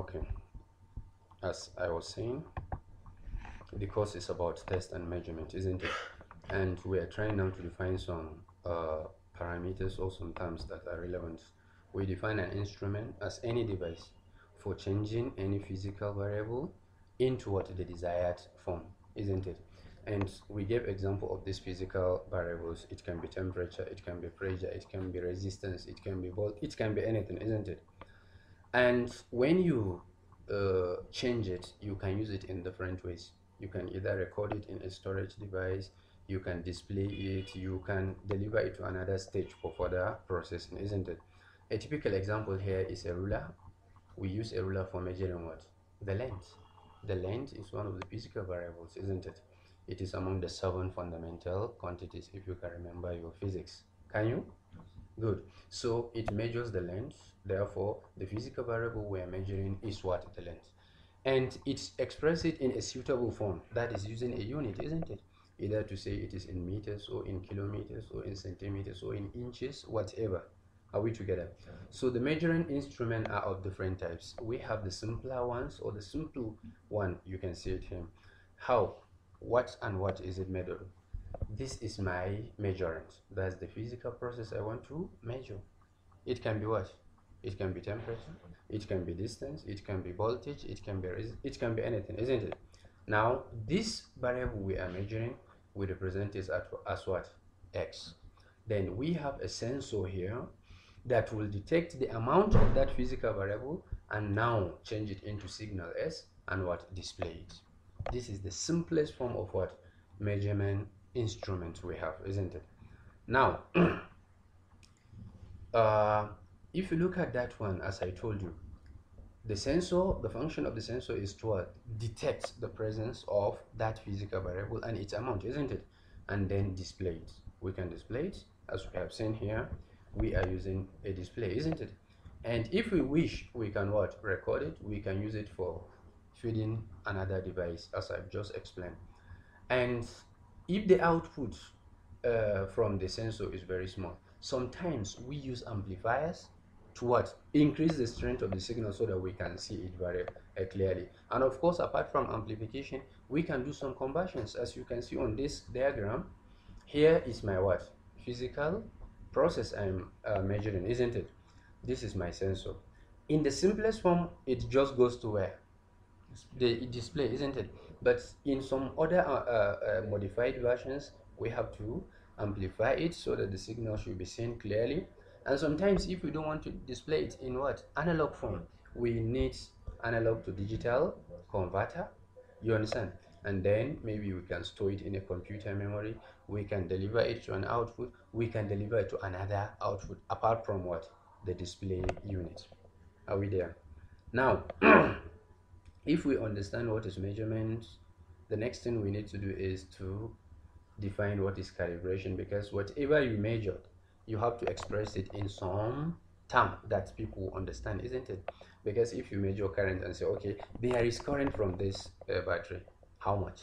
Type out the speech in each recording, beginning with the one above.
okay as i was saying the course is about test and measurement isn't it and we are trying now to define some uh, parameters or some terms that are relevant we define an instrument as any device for changing any physical variable into what the desired form isn't it and we gave example of these physical variables it can be temperature it can be pressure it can be resistance it can be volt it can be anything isn't it and when you uh, change it you can use it in different ways you can either record it in a storage device you can display it you can deliver it to another stage for further processing isn't it a typical example here is a ruler we use a ruler for measuring what the length the length is one of the physical variables isn't it it is among the seven fundamental quantities if you can remember your physics can you good so it measures the length therefore the physical variable we're measuring is what the length and it expresses it in a suitable form that is using a unit isn't it either to say it is in meters or in kilometers or in centimeters or in inches whatever are we together so the measuring instrument are of different types we have the simpler ones or the simple one you can see it here how what and what is it made of? this is my measurement that's the physical process i want to measure it can be what it can be temperature it can be distance it can be voltage it can be it can be anything isn't it now this variable we are measuring we represent at as what x then we have a sensor here that will detect the amount of that physical variable and now change it into signal s and what display it this is the simplest form of what measurement instruments we have, isn't it? Now, uh, if you look at that one, as I told you, the sensor, the function of the sensor is to uh, detect the presence of that physical variable and its amount, isn't it? And then display it. We can display it, as we have seen here, we are using a display, isn't it? And if we wish, we can what? Record it. We can use it for feeding another device, as I've just explained. And if the output uh, from the sensor is very small sometimes we use amplifiers to what increase the strength of the signal so that we can see it very uh, clearly and of course apart from amplification we can do some conversions as you can see on this diagram here is my what physical process i'm uh, measuring isn't it this is my sensor in the simplest form it just goes to where the display isn't it but in some other uh, uh, uh, modified versions we have to amplify it so that the signal should be seen clearly and sometimes if we don't want to display it in what analog form we need analog to digital converter you understand and then maybe we can store it in a computer memory we can deliver it to an output we can deliver it to another output apart from what the display unit are we there now if we understand what is measurement the next thing we need to do is to define what is calibration because whatever you measured you have to express it in some term that people understand isn't it because if you measure current and say okay there is current from this uh, battery how much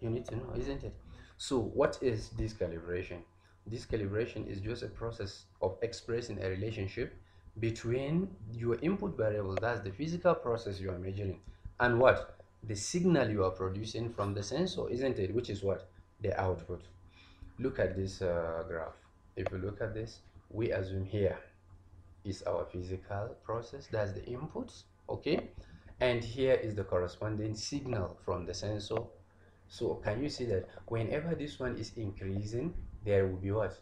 you need to know isn't it so what is this calibration this calibration is just a process of expressing a relationship between your input variable that's the physical process you are measuring and what the signal you are producing from the sensor isn't it which is what the output look at this uh, graph if you look at this we assume here is our physical process that's the inputs okay and here is the corresponding signal from the sensor so can you see that whenever this one is increasing there will be what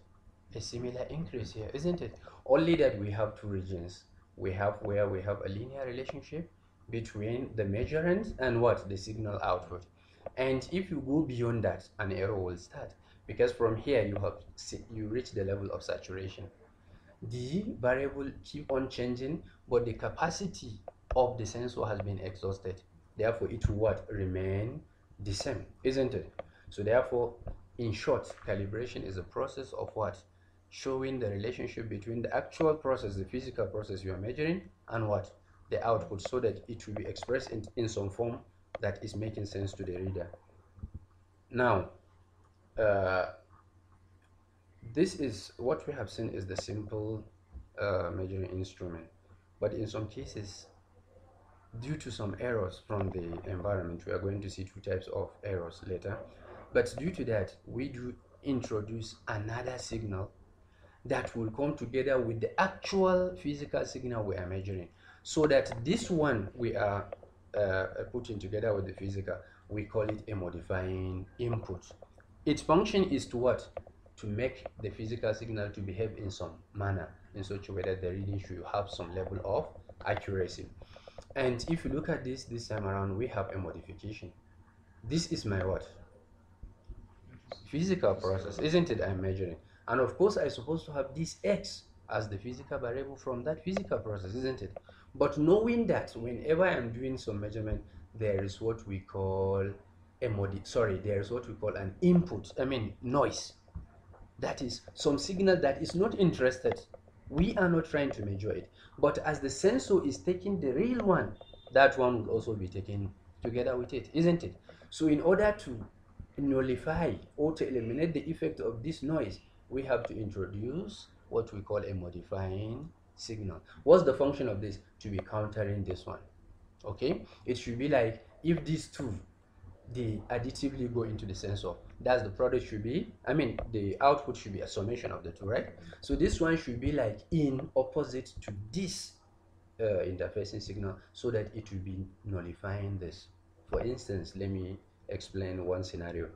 a similar increase here isn't it only that we have two regions we have where we have a linear relationship between the measurement and what the signal output and if you go beyond that an error will start because from here you have you reach the level of saturation the variable keep on changing but the capacity of the sensor has been exhausted therefore it will what remain the same isn't it so therefore in short calibration is a process of what showing the relationship between the actual process the physical process you are measuring and what the output so that it will be expressed in, in some form that is making sense to the reader. Now, uh, this is what we have seen is the simple uh, measuring instrument, but in some cases, due to some errors from the environment, we are going to see two types of errors later. But due to that, we do introduce another signal that will come together with the actual physical signal we are measuring so that this one we are uh, putting together with the physical we call it a modifying input its function is to what to make the physical signal to behave in some manner in such a way that the reading should have some level of accuracy and if you look at this this time around we have a modification this is my what physical process isn't it i'm measuring and of course i'm supposed to have this x as the physical variable from that physical process isn't it but knowing that whenever i'm doing some measurement there is what we call a modi sorry there is what we call an input i mean noise that is some signal that is not interested we are not trying to measure it but as the sensor is taking the real one that one will also be taken together with it isn't it so in order to nullify or to eliminate the effect of this noise we have to introduce what we call a modifying signal what's the function of this to be countering this one okay it should be like if these two they additively go into the sensor that's the product should be i mean the output should be a summation of the two right so this one should be like in opposite to this uh, interfacing signal so that it will be nullifying this for instance let me explain one scenario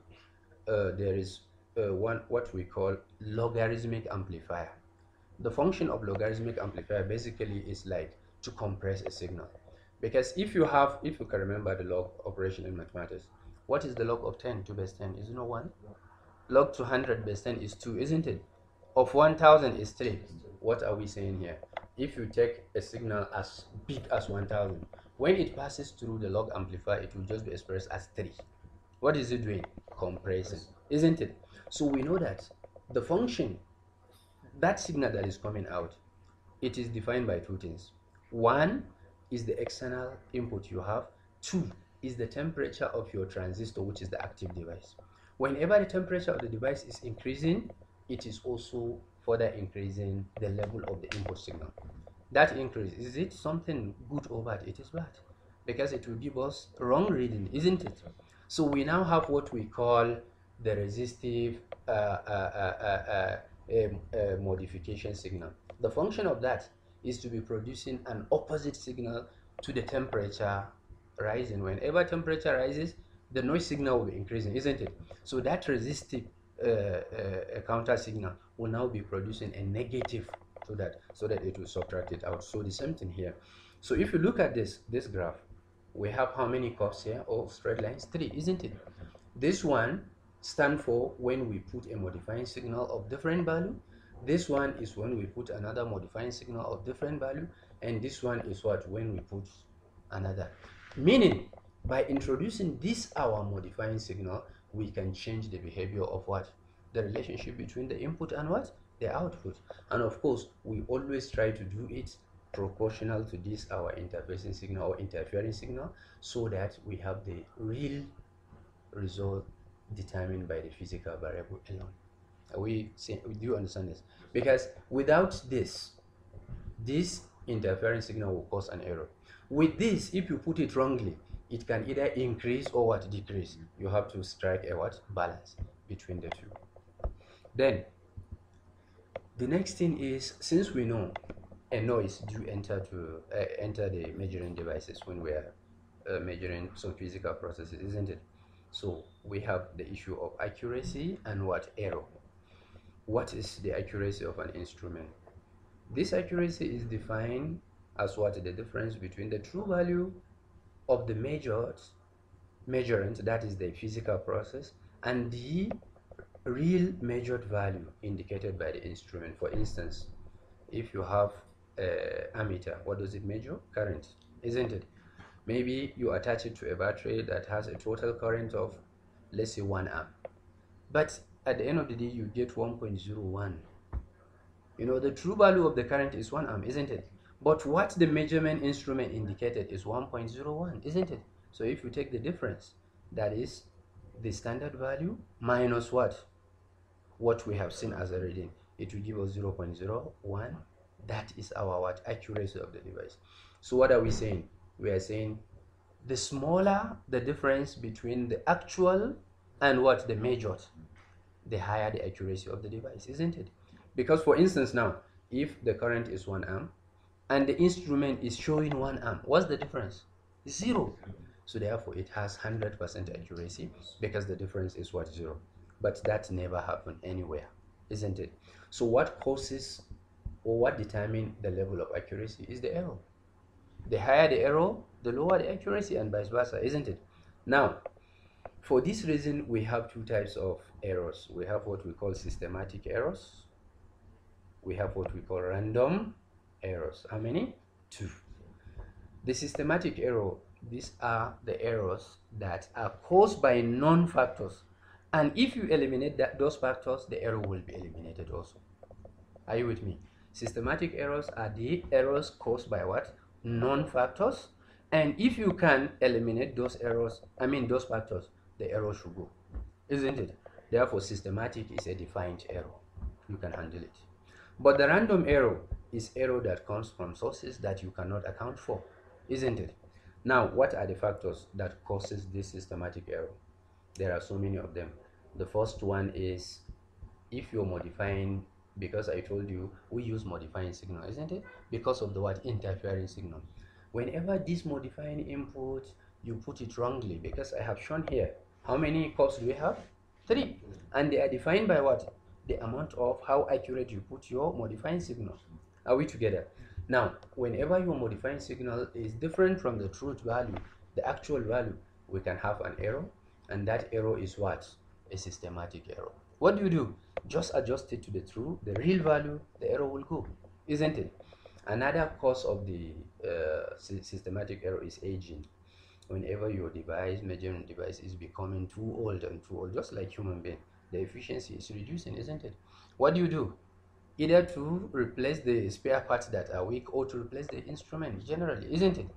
uh, there is uh, one what we call logarithmic amplifier the function of logarithmic amplifier basically is like to compress a signal because if you have if you can remember the log operation in mathematics what is the log of 10 to base 10 is no 1 log 200 base 10 is 2 isn't it of 1000 is 3 what are we saying here if you take a signal as big as 1000 when it passes through the log amplifier it will just be expressed as 3 what is it doing compressing isn't it so we know that the function that signal that is coming out, it is defined by two things. One is the external input you have. Two is the temperature of your transistor, which is the active device. Whenever the temperature of the device is increasing, it is also further increasing the level of the input signal. That increase, is it something good or bad? It is bad because it will give us wrong reading, isn't it? So we now have what we call the resistive uh, uh, uh, uh, uh a, a modification signal. The function of that is to be producing an opposite signal to the temperature rising. Whenever temperature rises, the noise signal will be increasing, isn't it? So that resistive uh, uh, counter signal will now be producing a negative to that so that it will subtract it out. So the same thing here. So if you look at this, this graph, we have how many curves here? All oh, straight lines? Three, isn't it? This one stand for when we put a modifying signal of different value this one is when we put another modifying signal of different value and this one is what when we put another meaning by introducing this our modifying signal we can change the behavior of what the relationship between the input and what the output and of course we always try to do it proportional to this our interfacing signal or interfering signal so that we have the real result determined by the physical variable alone. Are we see, do you understand this? Because without this, this interference signal will cause an error. With this, if you put it wrongly, it can either increase or what decrease. You have to strike a what balance between the two. Then the next thing is since we know a noise do enter to uh, enter the measuring devices when we are uh, measuring some physical processes, isn't it? So we have the issue of accuracy and what error. What is the accuracy of an instrument? This accuracy is defined as what the difference between the true value of the measured measurement, that is the physical process, and the real measured value indicated by the instrument. For instance, if you have a uh, ammeter, what does it measure? Current, isn't it? maybe you attach it to a battery that has a total current of let's say 1 amp but at the end of the day you get 1.01 you know the true value of the current is 1 amp isn't it but what the measurement instrument indicated is 1.01 isn't it so if you take the difference that is the standard value minus what what we have seen as a reading it will give us 0 0.01 that is our what accuracy of the device so what are we saying we are saying the smaller the difference between the actual and what the measured, the higher the accuracy of the device, isn't it? Because for instance now, if the current is one amp and the instrument is showing one amp, what's the difference? Zero. So therefore it has 100% accuracy because the difference is what? Zero. But that never happened anywhere, isn't it? So what causes or what determines the level of accuracy is the error. The higher the error, the lower the accuracy and vice versa, isn't it? Now, for this reason, we have two types of errors. We have what we call systematic errors. We have what we call random errors. How many? Two. The systematic error, these are the errors that are caused by known factors. And if you eliminate that, those factors, the error will be eliminated also. Are you with me? Systematic errors are the errors caused by what? known factors and if you can eliminate those errors i mean those factors the error should go isn't it therefore systematic is a defined error you can handle it but the random error is error that comes from sources that you cannot account for isn't it now what are the factors that causes this systematic error there are so many of them the first one is if you're modifying because I told you we use modifying signal, isn't it? Because of the word interfering signal. Whenever this modifying input, you put it wrongly because I have shown here. How many cups do we have? Three. And they are defined by what? The amount of how accurate you put your modifying signal. Are we together? Now, whenever your modifying signal is different from the truth value, the actual value, we can have an error. And that error is what? A systematic error what do you do just adjust it to the true the real value the error will go isn't it another cause of the uh, systematic error is aging whenever your device measuring device is becoming too old and too old just like human being the efficiency is reducing isn't it what do you do either to replace the spare parts that are weak or to replace the instrument generally isn't it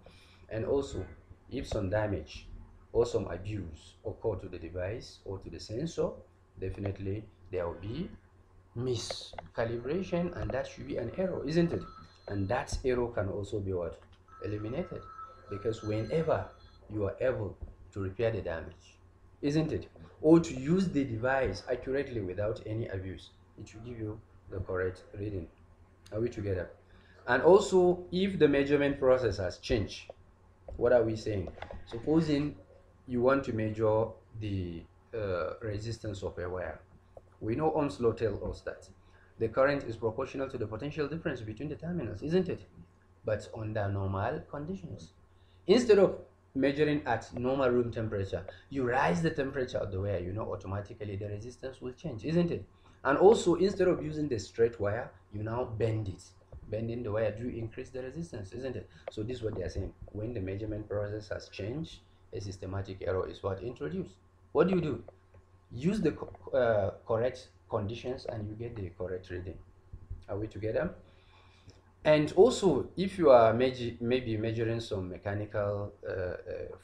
and also if some damage or some abuse occur to the device or to the sensor definitely there will be miscalibration and that should be an error isn't it and that error can also be what eliminated because whenever you are able to repair the damage isn't it or to use the device accurately without any abuse it will give you the correct reading are we together and also if the measurement process has changed what are we saying supposing you want to measure the uh, resistance of a wire. We know Ohm's law tells us that the current is proportional to the potential difference between the terminals, isn't it? But under normal conditions. Instead of measuring at normal room temperature, you rise the temperature of the wire, you know automatically the resistance will change, isn't it? And also, instead of using the straight wire, you now bend it. Bending the wire, do increase the resistance, isn't it? So this is what they are saying. When the measurement process has changed, a systematic error is what introduced what do you do use the uh, correct conditions and you get the correct reading are we together and also if you are maybe measuring some mechanical uh, uh,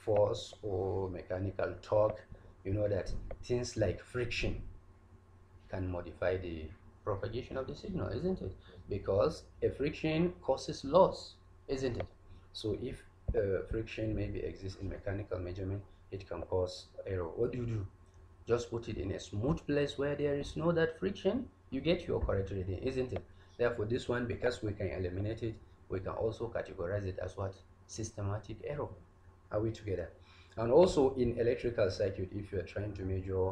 force or mechanical torque you know that things like friction can modify the propagation of the signal isn't it because a friction causes loss isn't it so if uh, friction maybe exists in mechanical measurement it can cause error what do you do just put it in a smooth place where there is no that friction you get your correct reading isn't it therefore this one because we can eliminate it we can also categorize it as what systematic error are we together and also in electrical circuit if you are trying to measure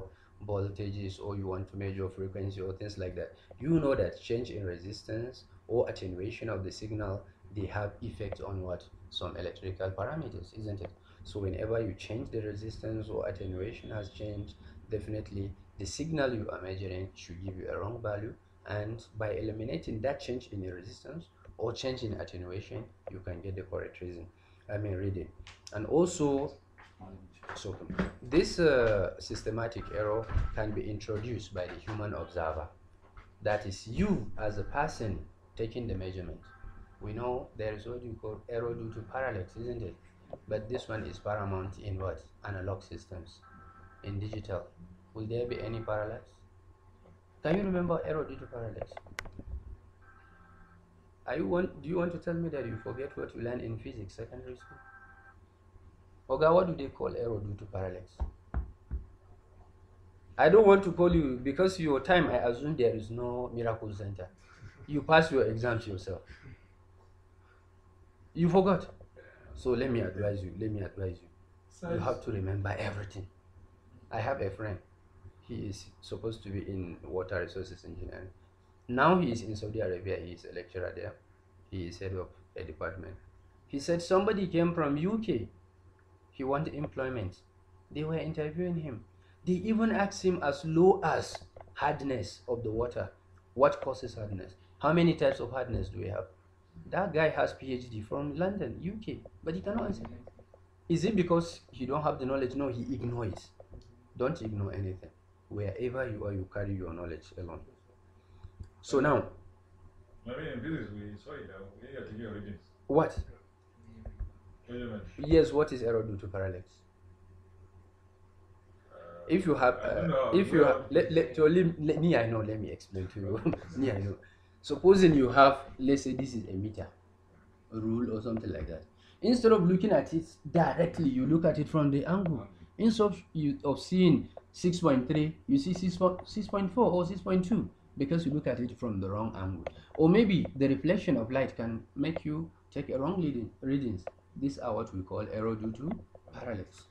voltages or you want to measure frequency or things like that you know that change in resistance or attenuation of the signal they have effect on what some electrical parameters isn't it so whenever you change the resistance or attenuation has changed definitely the signal you are measuring should give you a wrong value and by eliminating that change in the resistance or change in attenuation you can get the correct reason i mean reading and also so this uh, systematic error can be introduced by the human observer that is you as a person taking the measurement we know there is what you call error due to parallax isn't it but this one is paramount in what analog systems in digital will there be any parallax can you remember error due to parallax are you want do you want to tell me that you forget what you learned in physics secondary school Oga, what do they call error due to parallax I don't want to call you because your time I assume there is no miracle center. You pass your exams yourself. You forgot. So let me advise you. Let me advise you. You have to remember everything. I have a friend. He is supposed to be in water resources engineering. Now he is in Saudi Arabia. He is a lecturer there. He is head of a department. He said somebody came from UK. He wanted employment. They were interviewing him. They even asked him as low as hardness of the water. What causes hardness? How many types of hardness do we have? That guy has PhD from London, UK, but he cannot answer. Is it because you don't have the knowledge? No, he ignores. Don't ignore anything. Wherever you are, you carry your knowledge along. So now. I mean, this is we uh, We are origins. What? Yes, what is error due to parallax? Uh, if you have, uh, if you have, let, let, let, let me, I know, let me explain to you. me, I know supposing you have, let's say this is a meter rule or something like that. Instead of looking at it directly, you look at it from the angle. Instead of, you, of seeing 6.3, you see 6.4 or 6.2 because you look at it from the wrong angle. Or maybe the reflection of light can make you take a wrong reading, readings. These are what we call error due to parallax.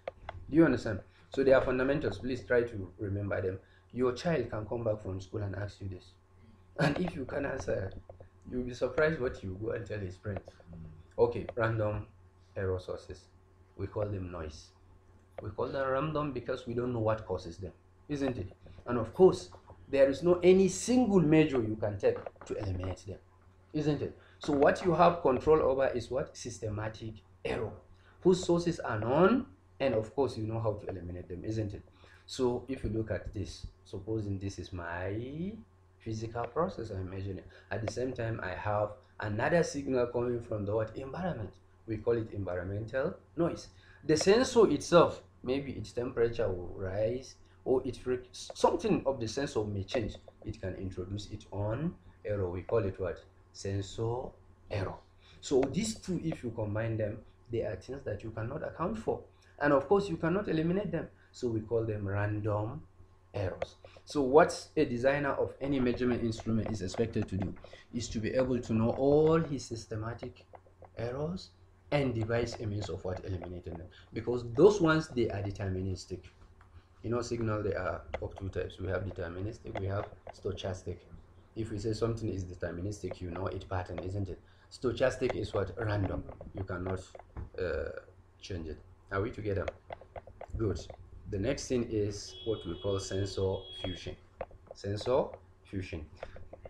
Do you understand? So they are fundamentals. Please try to remember them. Your child can come back from school and ask you this. And if you can answer, you'll be surprised what you go and tell his friends. Hmm. Okay, random error sources. We call them noise. We call them random because we don't know what causes them, isn't it? And of course, there is no any single measure you can take to eliminate them, isn't it? So what you have control over is what? Systematic error, whose sources are known, and of course you know how to eliminate them, isn't it? So if you look at this, supposing this is my physical process I'm measuring. At the same time, I have another signal coming from the what environment. We call it environmental noise. The sensor itself, maybe its temperature will rise or it something of the sensor may change. It can introduce its own error. We call it what? Sensor error. So these two, if you combine them, they are things that you cannot account for. And of course, you cannot eliminate them. So we call them random errors. So what a designer of any measurement instrument is expected to do is to be able to know all his systematic errors and devise a means of what eliminating them because those ones they are deterministic you know signal there are of two types we have deterministic we have stochastic if we say something is deterministic you know it pattern isn't it stochastic is what random you cannot uh, change it are we together good the next thing is what we call sensor fusion sensor fusion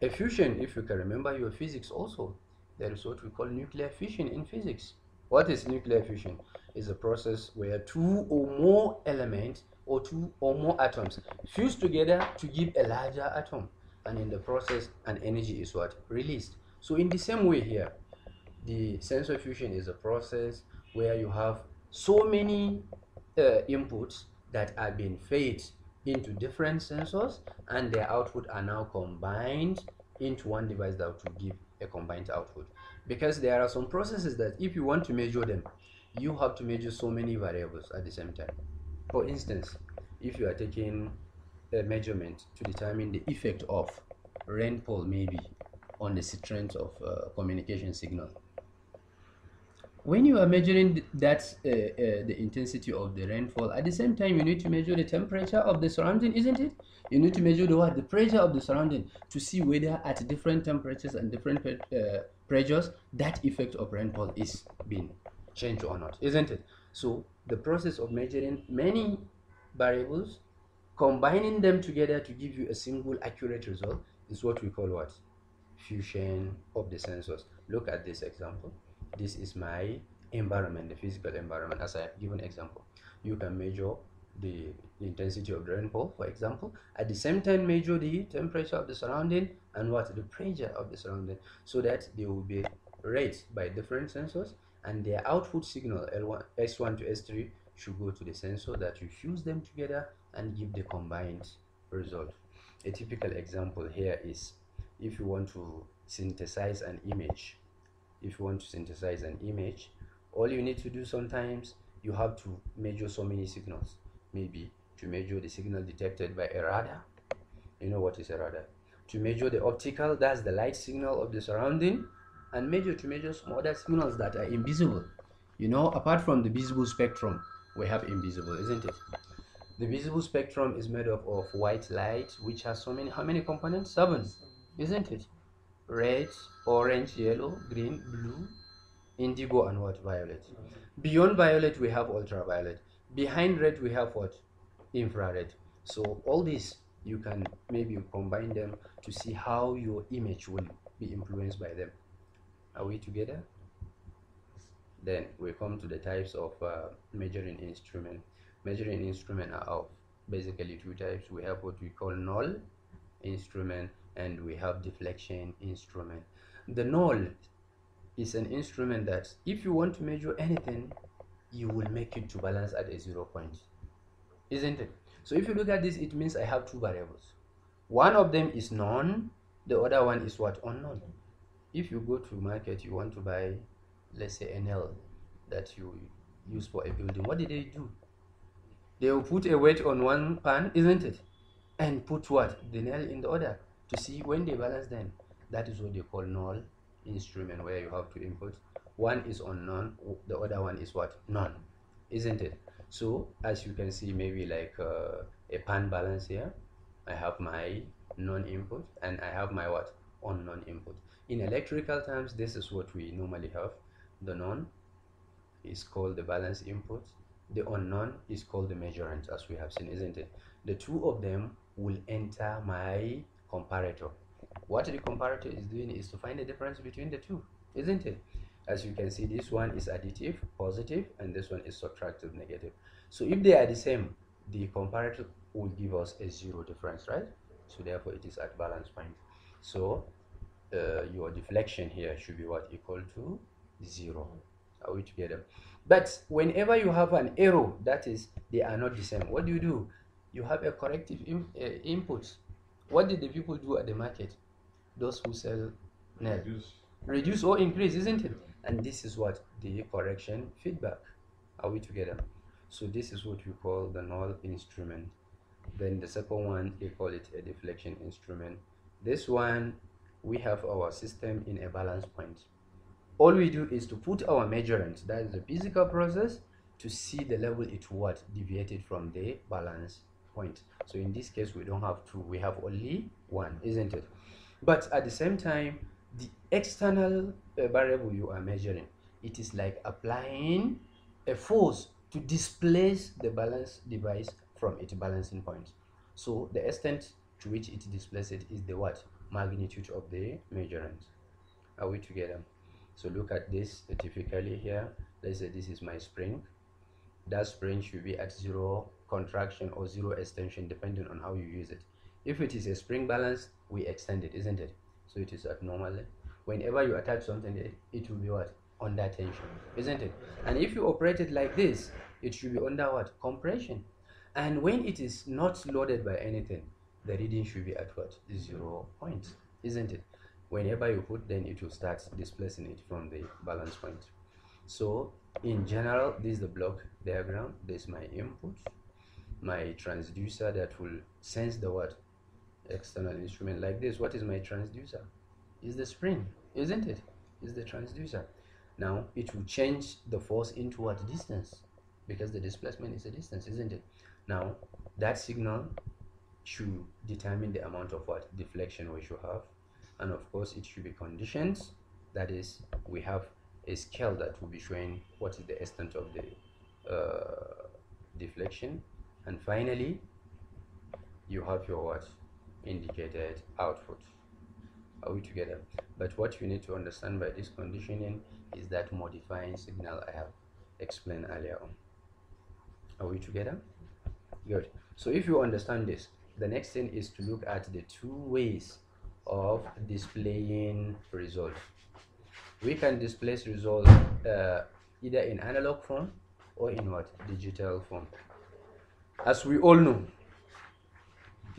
a fusion if you can remember your physics also there is what we call nuclear fission in physics what is nuclear fission is a process where two or more elements or two or more atoms fuse together to give a larger atom and in the process an energy is what released so in the same way here the sensor fusion is a process where you have so many uh, inputs that have been fed into different sensors and their output are now combined into one device that will give a combined output because there are some processes that if you want to measure them you have to measure so many variables at the same time for instance if you are taking a measurement to determine the effect of rainfall maybe on the strength of uh, communication signal when you are measuring that uh, uh, the intensity of the rainfall at the same time you need to measure the temperature of the surrounding isn't it you need to measure the what the pressure of the surrounding to see whether at different temperatures and different uh, pressures that effect of rainfall is being changed or not isn't it so the process of measuring many variables combining them together to give you a single accurate result is what we call what fusion of the sensors look at this example this is my environment the physical environment as i have given example you can measure the intensity of the rainfall for example at the same time measure the temperature of the surrounding and what the pressure of the surrounding so that they will be raised by different sensors and their output signal L1, S1 to S3 should go to the sensor that you fuse them together and give the combined result. A typical example here is if you want to synthesize an image if you want to synthesize an image all you need to do sometimes you have to measure so many signals maybe to measure the signal detected by a radar you know what is a radar to measure the optical that's the light signal of the surrounding and measure to measure some other signals that are invisible you know apart from the visible spectrum we have invisible isn't it the visible spectrum is made up of white light which has so many how many components seven isn't it red, orange, yellow, green, blue, indigo, and what? Violet. Beyond violet, we have ultraviolet. Behind red, we have what? Infrared. So all these, you can maybe combine them to see how your image will be influenced by them. Are we together? Then we come to the types of uh, measuring instrument. Measuring instrument are of basically two types. We have what we call null instrument and we have deflection instrument the null is an instrument that if you want to measure anything you will make it to balance at a zero point isn't it so if you look at this it means i have two variables one of them is known the other one is what unknown if you go to market you want to buy let's say nl that you use for a building what did they do they will put a weight on one pan isn't it and put what the nail in the other to see when they balance then That is what they call null instrument where you have to input One is on none, the other one is what? None, isn't it? So as you can see, maybe like uh, a pan balance here, I have my non input and I have my what? On non input. In electrical terms, this is what we normally have. The non is called the balance input. The unknown is called the measurement as we have seen, isn't it? The two of them will enter my comparator what the comparator is doing is to find the difference between the two isn't it as you can see this one is additive positive and this one is subtractive negative so if they are the same the comparator will give us a zero difference right so therefore it is at balance point so uh, your deflection here should be what equal to zero are we together but whenever you have an error that is they are not the same what do you do you have a corrective in, uh, input what did the people do at the market? Those who sell nail. Reduce. Reduce or increase, isn't it? And this is what? The correction feedback. Are we together? So this is what we call the null instrument. Then the second one, they call it a deflection instrument. This one, we have our system in a balance point. All we do is to put our measurement, that is the physical process, to see the level it what deviated from the balance point so in this case we don't have two we have only one isn't it but at the same time the external uh, variable you are measuring it is like applying a force to displace the balance device from its balancing point so the extent to which it displaces is the what magnitude of the measurement are we together so look at this typically here let's say this is my spring that spring should be at zero contraction or zero extension depending on how you use it. If it is a spring balance, we extend it, isn't it? So it is at normal Whenever you attach something, it, eh, it will be what? Under tension, isn't it? And if you operate it like this, it should be under what? Compression. And when it is not loaded by anything, the reading should be at what? Zero point, isn't it? Whenever you put, then it will start displacing it from the balance point. So in general, this is the block diagram, this is my input my transducer that will sense the what external instrument like this what is my transducer is the spring isn't it is the transducer now it will change the force into what distance because the displacement is a distance isn't it now that signal should determine the amount of what deflection we should have and of course it should be conditioned that is we have a scale that will be showing what is the extent of the uh, deflection and finally you have your what indicated output are we together but what you need to understand by this conditioning is that modifying signal i have explained earlier on are we together good so if you understand this the next thing is to look at the two ways of displaying result we can display result uh, either in analog form or in what digital form as we all know,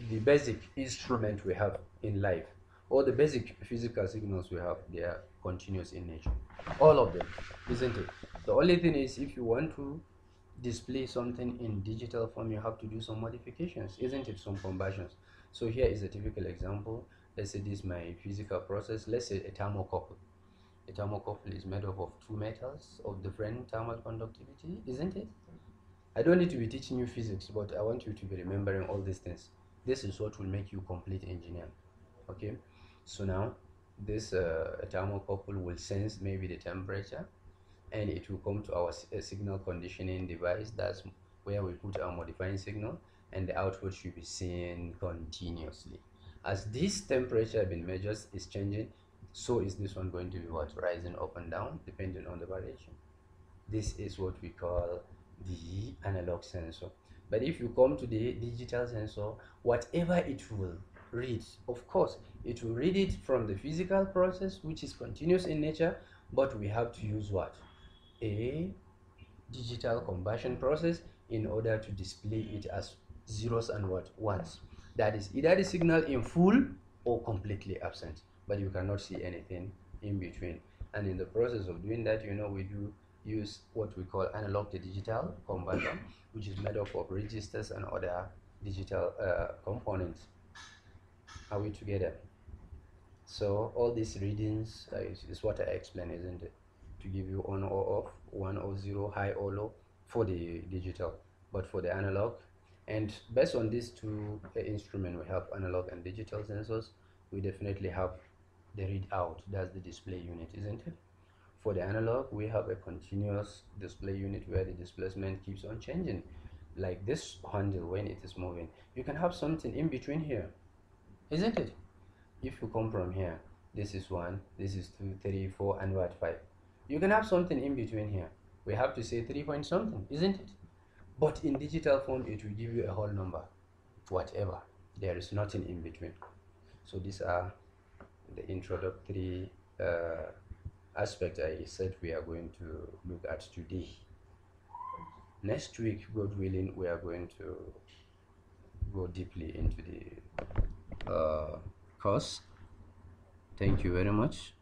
the basic instrument we have in life, all the basic physical signals we have, they are continuous in nature. All of them, isn't it? The only thing is, if you want to display something in digital form, you have to do some modifications, isn't it? Some conversions. So here is a typical example. Let's say this is my physical process. Let's say a thermocouple. A thermocouple is made up of two metals of different thermal conductivity, isn't it? I don't need to be teaching you physics, but I want you to be remembering all these things. This is what will make you complete engineer. Okay, so now this uh, thermocouple will sense maybe the temperature and it will come to our uh, signal conditioning device. That's where we put our modifying signal and the output should be seen continuously. As this temperature been measured is changing, so is this one going to be what rising up and down depending on the variation. This is what we call the analog sensor but if you come to the digital sensor whatever it will read of course it will read it from the physical process which is continuous in nature but we have to use what a digital conversion process in order to display it as zeros and what ones that is either the signal in full or completely absent but you cannot see anything in between and in the process of doing that you know we do use what we call analog to digital converter, which is made up of registers and other digital uh, components. Are we together? So all these readings uh, is, is, what I explained, isn't it? To give you on or off, one or zero, high or low for the digital, but for the analog. And based on these two uh, instruments, we have analog and digital sensors. We definitely have the readout, that's the display unit, isn't it? For the analog, we have a continuous display unit where the displacement keeps on changing. Like this handle when it is moving. You can have something in between here, isn't it? If you come from here, this is 1, this is 2, 3, 4, and what 5. You can have something in between here. We have to say 3 point something, isn't it? But in digital form, it will give you a whole number, whatever. There is nothing in between. So these are the introductory uh, aspect I said we are going to look at today. Next week, God willing, we are going to go deeply into the uh, course. Thank you very much.